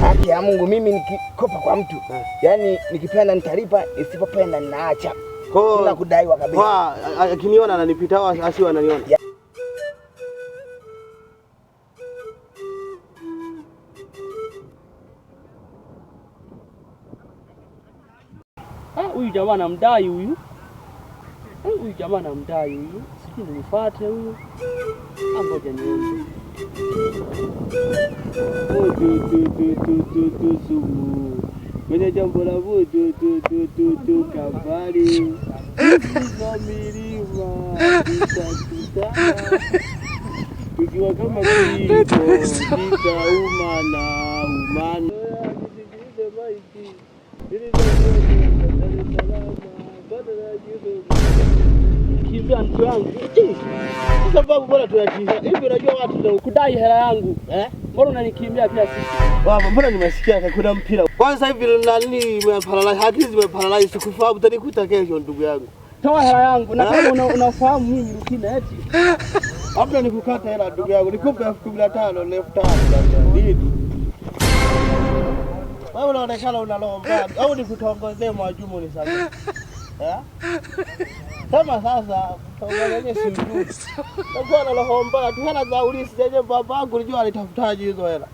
Haki ya Mungu, mimi nikikopa kwa mtu hmm, eh. yaani nikipenda nitalipa, nisipopenda ninaacha. Sina kudaiwa kabisa. Akiniona ananipita au asiwe ananiona ah, huyu jamaa namdai huyu, ah, huyu jamaa namdai huyu, sijui nimfuate huyu, ah, ngoja niende. Vututututu sumu kwenye jambo la vututututu kafari na milima tukiwa kama kijiko kitaumana umana ili nikimbia mke wangu sababu bora tunatia hivi, unajua watu ndio kudai hela yangu eh? Mbona unanikimbia pia sisi? Baba, mbona nimesikia kuna mpira kwanza hivi na nini, paralai akili zimeparalai, sikufahamu tanikuta kesho, ndugu yangu, toa hela yangu na kama eh? unafahamu mimi mkina eti labda nikukata hela ndugu yangu, nikupe elfu kumi na tano na elfu tano nini wewe unaonekana unalomba au nikutongozee mwajumu ni sababu eh? Kama sasa tuangalie si mtu. Ndio roho mbaya tu hela za ulisi jeje yangu alijua alitafutaje hizo hela.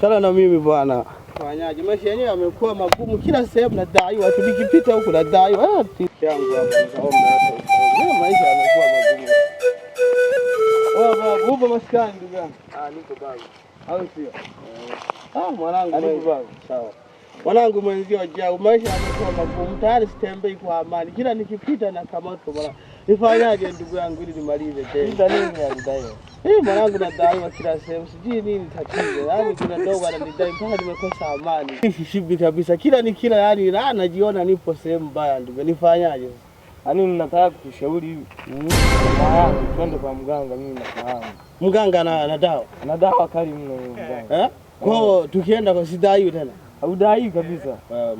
Sala na mimi bwana. Fanyaje? Maisha yenyewe yamekuwa magumu kila sehemu na daiwa tu nikipita huku na eh, yangu Mimi eh, maisha yamekuwa magumu. Wewe baba, maskani ndugu yangu. Ah, niko baba. sio? Ah, mwanangu. baba. Sawa. Mwanangu mwenzio wajau, maisha yamekuwa magumu tayari, sitembei kwa amani, kila nikipita na kamato. mwana, nifanyaje ndugu yangu ili nimalize tena hii? Mwanangu nadaiwa kila sehemu, sijui nini tatizo. Yani kuna dogo ananidai mpaka nimekosa amani, shibi kabisa, kila ni kila, yani la najiona nipo sehemu mbaya. Ndugu nifanyaje? Yaani nataka kukushauri twende kwa mganga, mimi nafahamu mganga na dawa na dawa kali mno mganga, eh? kwa tukienda kwa sidaiwi tena Haudai kabisa. Eh, eh,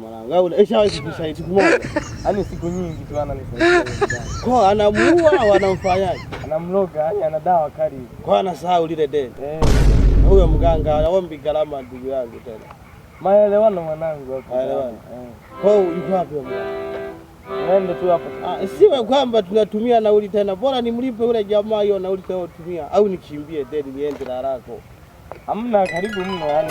eh, yaani siku nyingi tu ana nisaidia. Kwa anamuua au anamfanyaje? Anamloga, yani ana dawa kali. Kwa anasahau lile deni. Eh. Huyo mganga anaombi gharama ndugu yangu tena. Maelewano mwanangu hapo. Maelewano. Kwa hiyo yuko wapi Nenda tu hapo. Ah, siwe kwamba tunatumia nauli tena. Bora nimlipe yule jamaa hiyo nauli au nikimbie deni niende Hamna karibu mno yani.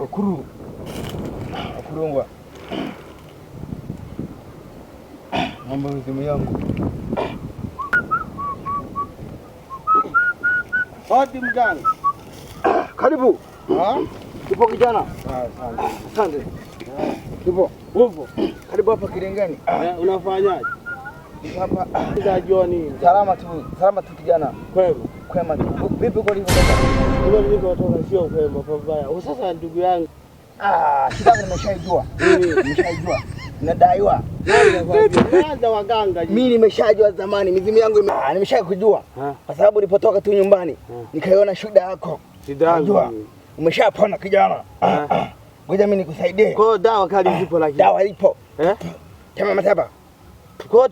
Okuru Okurungwa, mambo mzimu yangu wapi mgani? Karibu ipo kijana, asante. Ipo upo karibu hapa Kilengeni, unafanyaje hapa? Jioni salama tu, salama tu kijana, kwema tu. Vipi uko? Sasa ndugu yangu, shida nimeshaijua, nimeshaijua nadaiwa waganga. Mimi nimeshajua zamani, mizimu yangu ah, nimeshakujua kwa sababu nilipotoka tu nyumbani nikaiona shida yako. Najua umeshapona kijana, ah, ah. ngoja mimi nikusaidie. Kwa dawa kali zipo, lakini dawa ipo eh? chama mataba. Kwa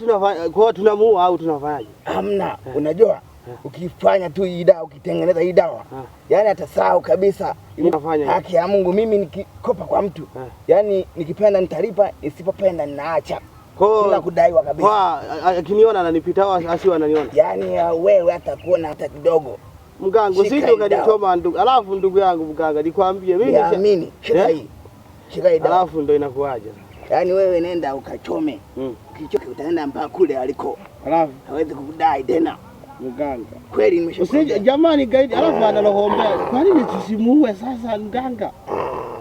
hiyo tunamuua au tunafanyaje? Hamna, eh. unajua ukifanya tu hii dawa, ukitengeneza hii dawa yani atasahau kabisa haki ya Mungu. Mimi nikikopa kwa mtu yani nikipenda nitalipa, nisipopenda ninaacha bila kudaiwa kabisa. Akiniona ananipita asiwe ananiona yani, wewe hata kuona hata kidogo Mganga usije ukanichoma ndugu. Alafu ndugu yangu mganga, nikwambie mimi shika eh? hii. Shika hii. Alafu ndo inakuaje? Yaani wewe nenda ukachome. Mm. Ukichoke utaenda mpaka kule aliko. Alafu hawezi kukudai tena mganga kweli nimeshakwambia. Jamani gaidi, alafu analohombea kwa nini tusimuue sasa mganga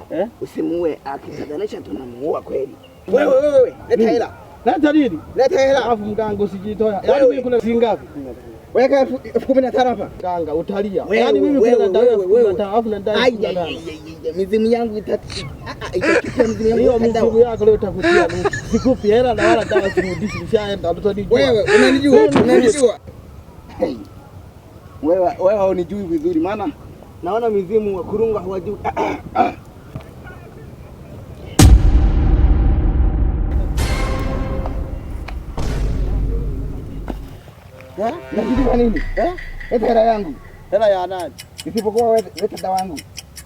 eh? eh? Usimuue, akisaganisha tunamuua kweli. Wewe wewe, leta hela, leta nini? Leta hela, alafu mganga usijitoa. Yaani mimi kuna zingapi? Weka elfu kumi na tano hapa mganga, utalia. Yaani mimi kuna ndani elfu kumi na tano alafu na ndani mizimu yangu itatisha. Ah, ah, Hiyo mizimu yako leo itakutia. Sikupi hela na wala dawa, sirudishi. Nishaenda mtoni. Wewe unanijua, unanijua hey. Wewe wewe unijui vizuri, maana naona mizimu wa kurunga huwajui. Ah, ah, ah. eh, Najilia nini? Eti eh, hela yangu, hela ya nani? Isipokuwa wewe, dawa yangu.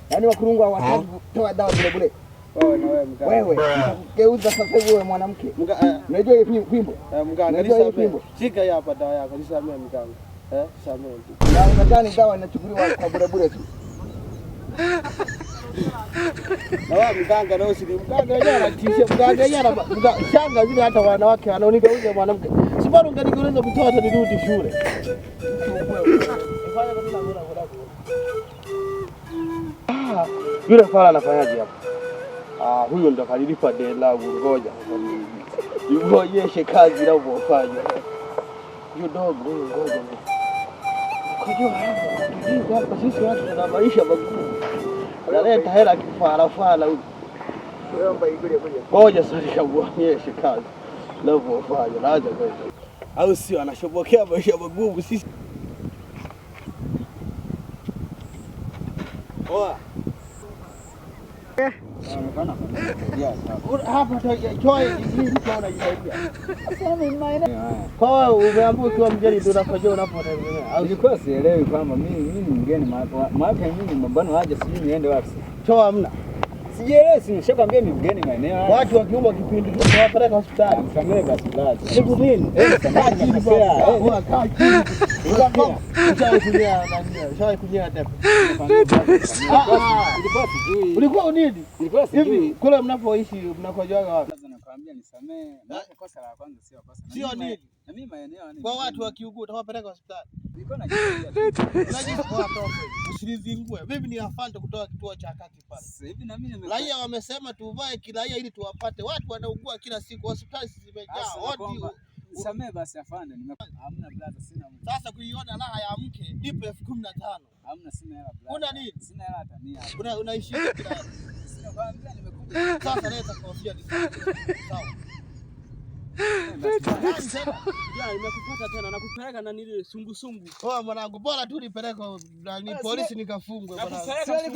Yaani wakurunga hawataki kutoa dawa bure bure wewe geuza sasa hivi wewe mwanamke. Eh, Unajua hiyo pimbo? Eh, Unajua hiyo pimbo? Shika hapa dawa yako, nisamee mkangu. Eh, samee tu. Na unadhani dawa inachukuliwa kwa bure bure tu? Nawa mganga na usili mganga yeye anatisha mganga yeye ana shanga zile hata wanawake wanaonigeuza mwanamke. Si bado ungenigeuza mtoto nirudi shule. Ah, yule fala anafanyaje hapa? Ah, huyo ndo akalilipa deni langu. Ngoja nionyeshe kazi inavyofanya hiyo dogo. Ngoja kujua hapa sisi watu tuna maisha magumu, analeta hela kifarafara huyu. Ngoja sasa uonyeshe kazi inavyofanya, naanza au sio? Anashobokea maisha magumu sisi. Oa. Kwa umeambiwa ukiwa mgeni tunafajua unapotengenea. Alikuwa sielewi kwamba mimi mimi ni mgeni, maana mimi mbona waje sijui niende wapi. Choo hamna sijielezi, nishakwambia mimi mgeni maeneo haya. Watu wakiumba kipindi tunawapeleka hospitali. Msamehe basi basi. Siku nini? Eh, samaki eh, ni ah, ah. Ulikuwa nini? hivi kule mnapoishi mnakojoaga wapi? Nakwambia nisamehe. Kosa la kwanza sio kosa. Sio nini? Kwa watu wakiugua utawapeleka hospitali. Usinizingue. Mimi ni afande kutoka kituo cha kati pale. Raia wamesema tuvae kiraia ili tuwapate watu wanaugua kila siku, hospitali zimejaa. wodi. Samee basi afande, hamna blaza, sina mke. Sasa kuiona raha ya mke ipo elfu kumi na tano. Hamna, sina hela blaza. Una nini? Sina hela hata mia. Una unaishi? Sina, nimekuja. Sasa leta kofia. Sawa nimekupata tena, nakupeleka na nile sungu sungu. Poa mwanangu, bora tu nipeleke na polisi nikafungwe mwanangu.